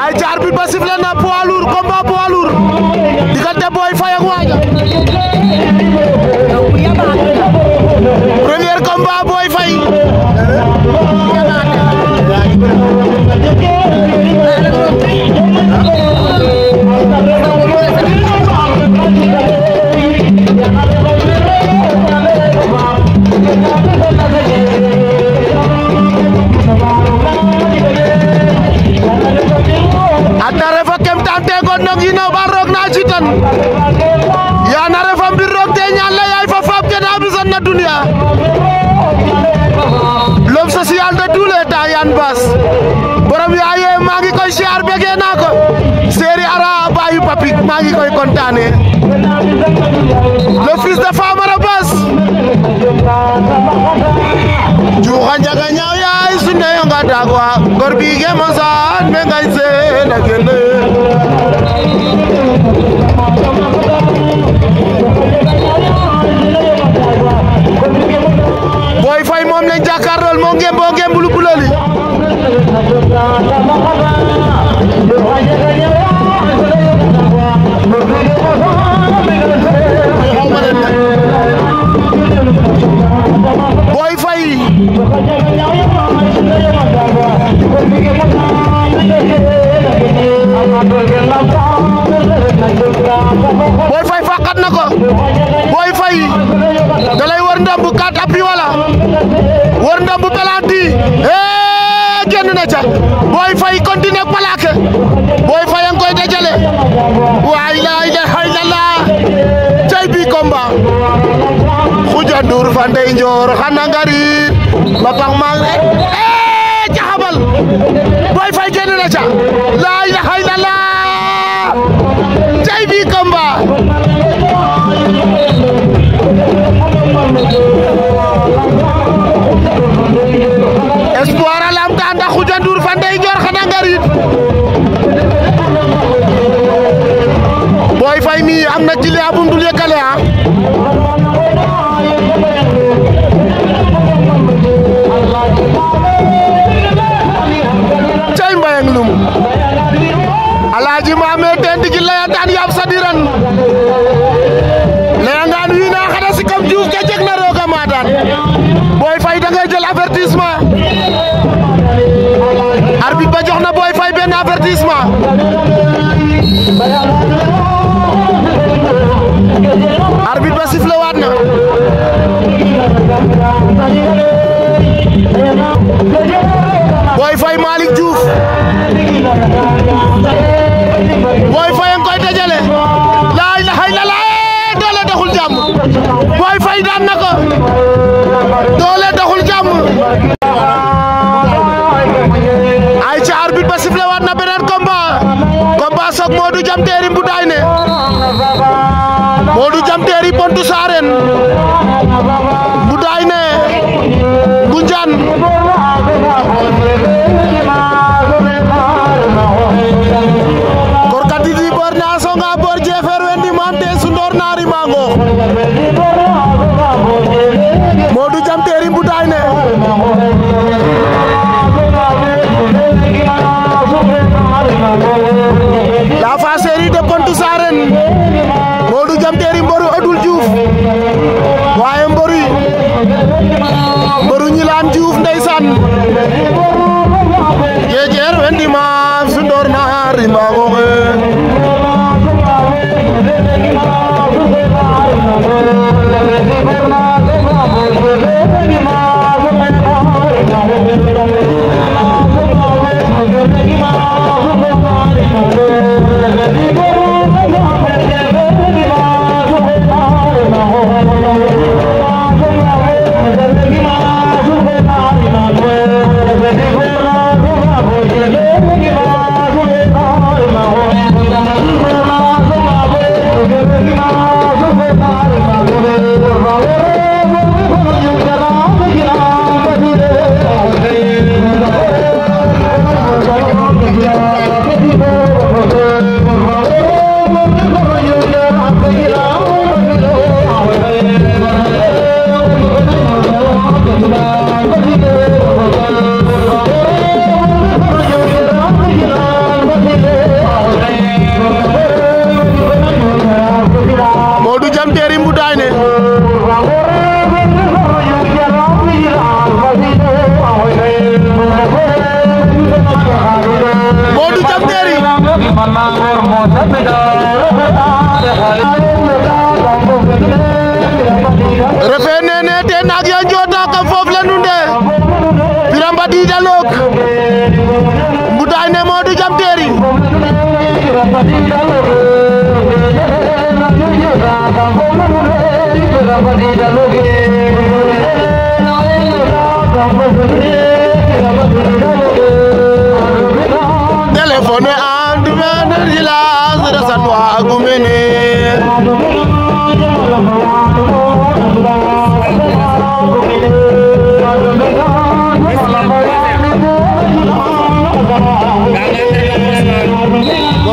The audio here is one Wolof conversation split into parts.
ay ca arbitre ba sifflé na poids lourd combat poids lourd diggante Boy Faye ak Wadia premier combat Boy Faye papi maa ngi koy kontaane le fils de Famara Bass juuxa njaga ñaaw yaay su neyo nga daagwa gor bi ge mo saan me ngay seen a gene Boy Faye moom lañ jàkkaarlool moo ngem boo ngem bulu bulali Boy Faye fàqat na ko Boy Faye da lay war ndàmb kàtt wala war ndàmb acca Boy Faye continuer plaque Boy Faye a ngi koy dajale waay laay la xay la laa cay bi combat Khoudia Ndour fa ndey njoor xana nga riir ba pax maa ee eh, jaxabal Boy Faye génn na ca laay la xay la laa cay bi combat Mbaye na ci li abum ah. cay Mbaye ak Loum alaaji ma teen digi laya daan yaab sadiran laya ngaan wiin a xada si kam juuf ke jeg na arbitre ba sifflé waat na Boy Faye Malick Diouf Boy Faye nga koy dajale laa ilaha illallah eh, doole doxul jàmm Boy Faye daan Ой, mbëru ñilaan Diouf ndeysaan jeejeer wendi maam su ndoor naar i Teleponnya an dumenar yila ya, ya, zira ya, sanwa gumene.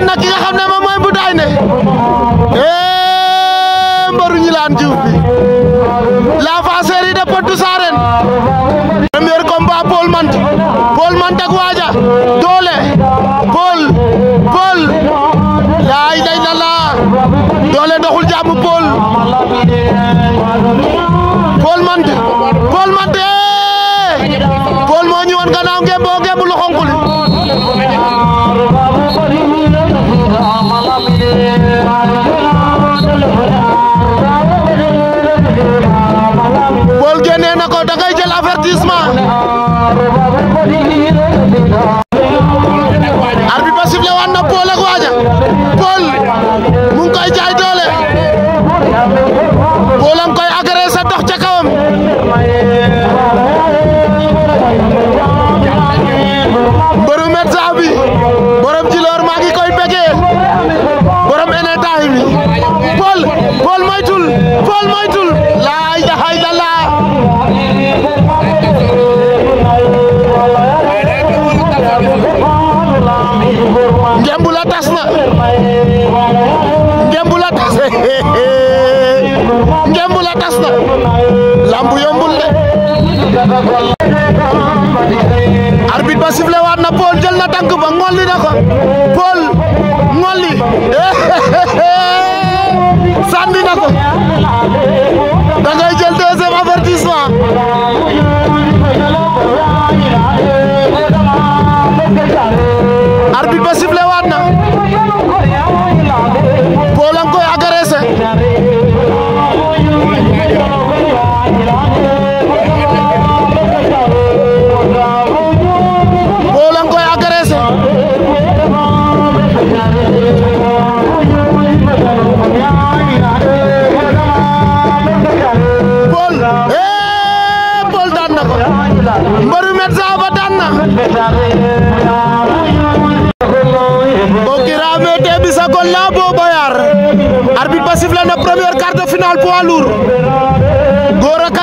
Anna ki ngemb la tas na ngemb tas ngemb la tas na yombul de arbitre ba sifflé waat na Paul jël na ba ngolli ko Paul ngolli sànni ko da ngay jël deuxième avertissement arbitre ba sifflé waat na Paul a ngi Baol daan na ko daan na Bokira Mété Bisakolla Bo Bayar arbitre ba sifflé na première quart de finale poids lourd Gora ki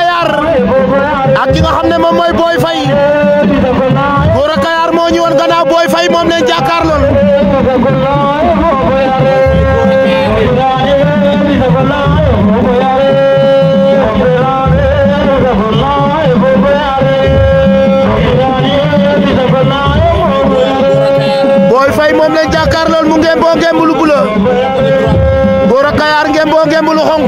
nga xam ne moom mooy Boy Faye Gora moo ñu woon gannaaw Boy Faye moom lañ jàkkaarlool Faye moom lañ jàkkaar lool mu ngemboo ngemb lu bula Gora Kayar ngemboo ngemb lu xonk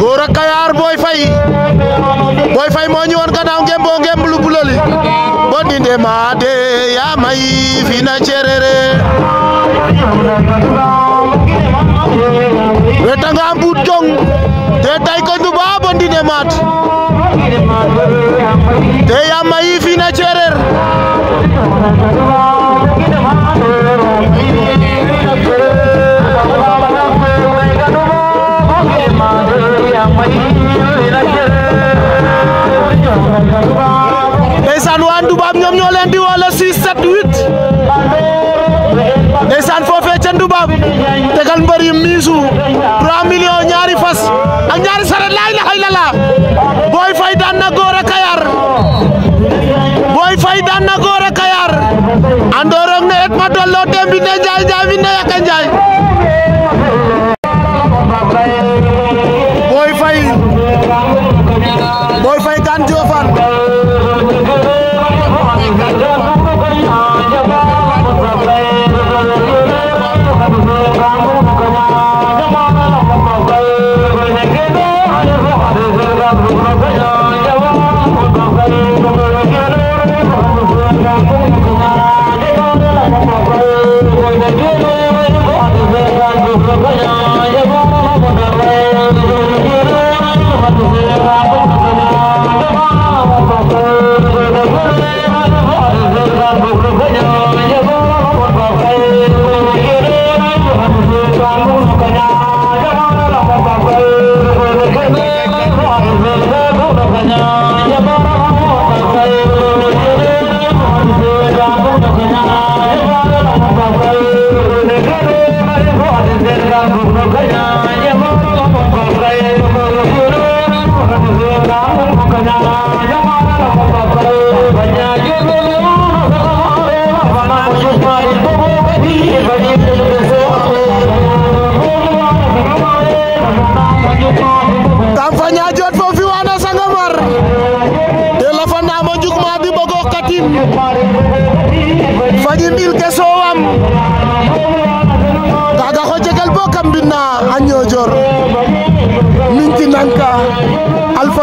góor ak kayaar booy fay booy fay moo ñu woon gannaaw ngem boo ngem yaa may fi na cerere weta nga am buut jong te tay baa bo maat te yaa may fi na cerer ndeysaan waa Ndubaab ñoom ñoo leen di woo le 6 7 8 ndeysaan foofee ca Ndubaab tegal mbër miisu 3 millions ñaari fas ak ñaari saret laa ilaha illallah Boy daan na Gora Kayar Boy Faye daan na Gora Kayar andoorong ne et ma ne njaay njaay mi ne yaka njaay Boy Faye Boy Faye daan no!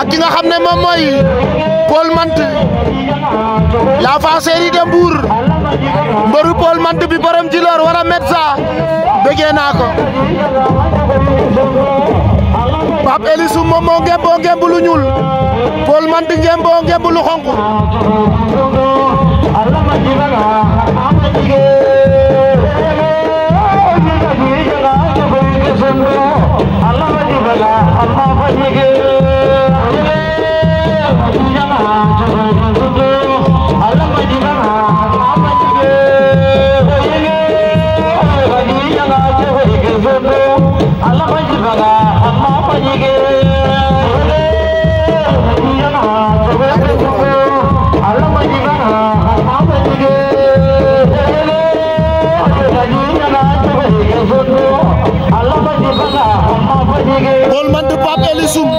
ak nga xamne mom moy Paul Mante la fa série de bour mbeuru Paul Mante bi borom ji lor wara metsa bege na ko pap elisu mom mo gembo gembu lu ñul Paul Mante gembo gembu lu xonku Allah majibala Allah majibala Allah majibala Paul Menthe Pape Ely Soum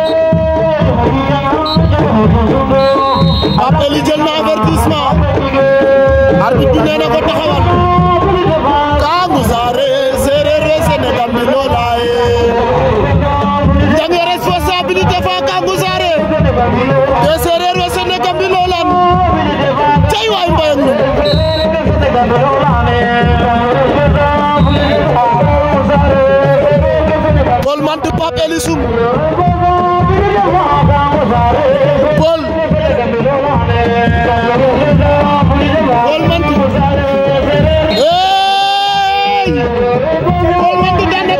Pape Ely jël na avertissement arbitre bi diggante Pape Elisoum Paul Paul Manti eey Paul Manti daan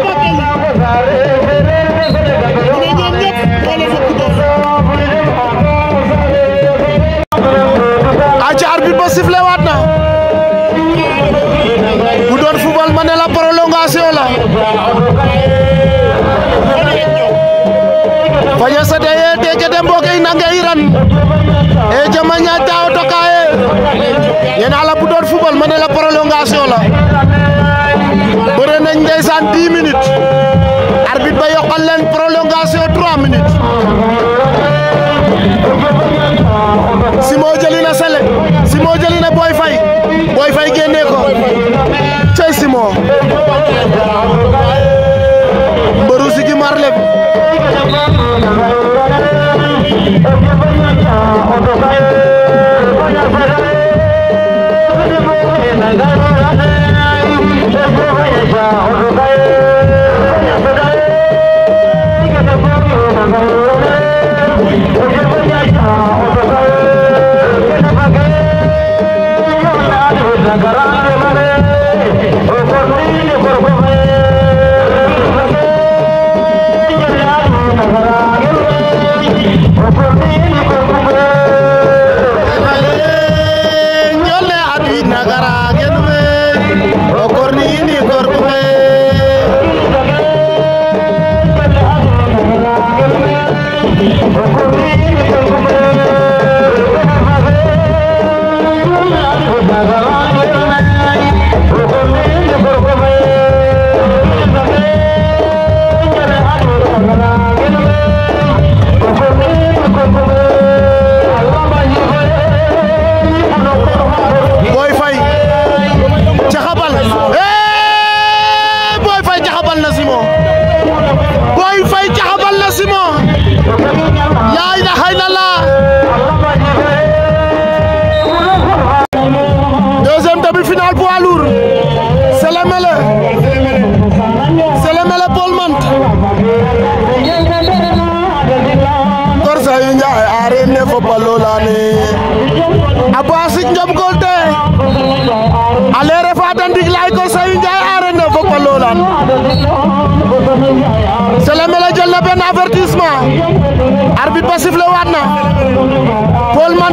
leen 10 minutes arbitre ba yokal len prolongation 3 minutes si moo jëli na si moo jëli na fay fay ko si gi marle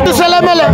sant Sele Mele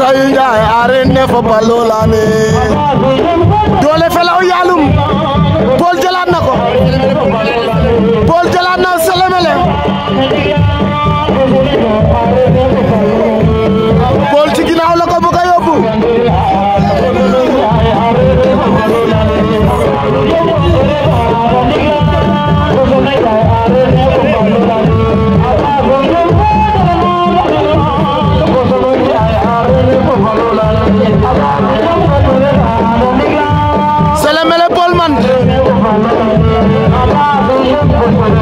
Seyou Ndiaye arène ne fa baloo doole felaw yaalum Paul jëlaat na ko Paul jëlaat na Sëlëmele Thank you.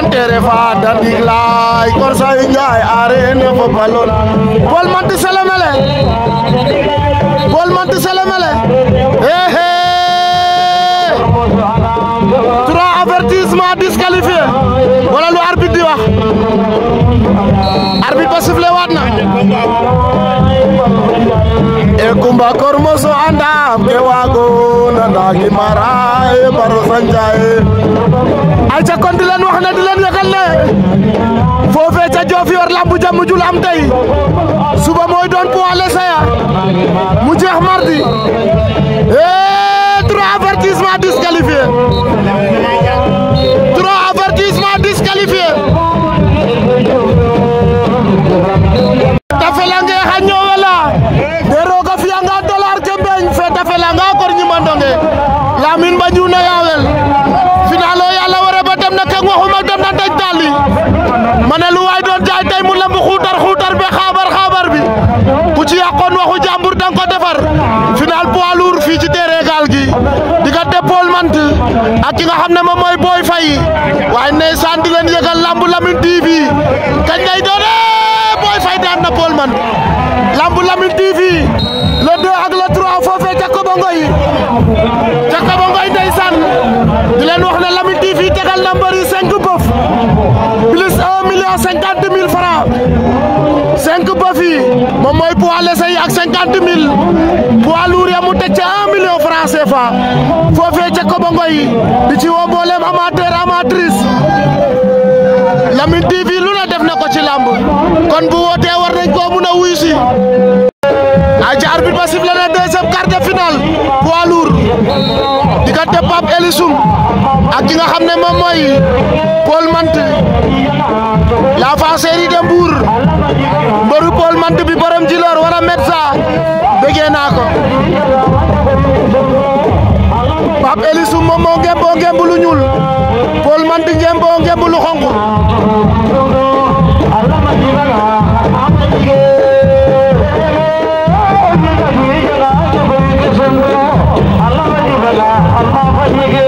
kontere fa njaay areene fo balon bol manti selemele bol manti selemele ehe eh. trois avertissement disqualifié wala lu arbitre di wax arbitre ba sifflé waat na e kumba kormoso andam ke wago na ndagi mara e baro sanjaye ayca kon di leen wax ne di leen yëgal ne foofee ca Diofior lamb jàmm suba mooy doon poids léger ya mu jeex mardi et eh, trois avertissements disqualifiés trois avertissements disqualifiés. ak ki nga xam ne moom mooy Boy Faye waaye ndeysaan di leen yëgal lambu Lamyn kañ lay doone Boy Faye daan na Paul man lambu Lamyn TV le 2 ak le 3 ca Kobo Ngoy ca Kobo Ngoy ndeysaan di wax ne Lamyn TV tegal na mbër yi 5 bëf plus 1 million bëf yi moom mooy poids léger yi ak 50 mille ya mu teg francs CFA foofee ca Kobongo yi di ci woo mboolem amateur amatrice Lamine TV lu na def na ko ci làmb kon bu wootee war nañ koo mun a wuyu si aca arbitre ba sifflé na deuxième quart de finale poids lourd diggante Pape ak ki nga xam ne moom mooy Paul Mante la faséri de Mbour mboru Paul Mante bi borom Djilor wala Metza bëggee naa ko pap elisu mom mo gembo gembu lu ñul pol man di gembo gembu lu xonku Allah maji bala Allah maji bala Allah maji bala Allah maji bala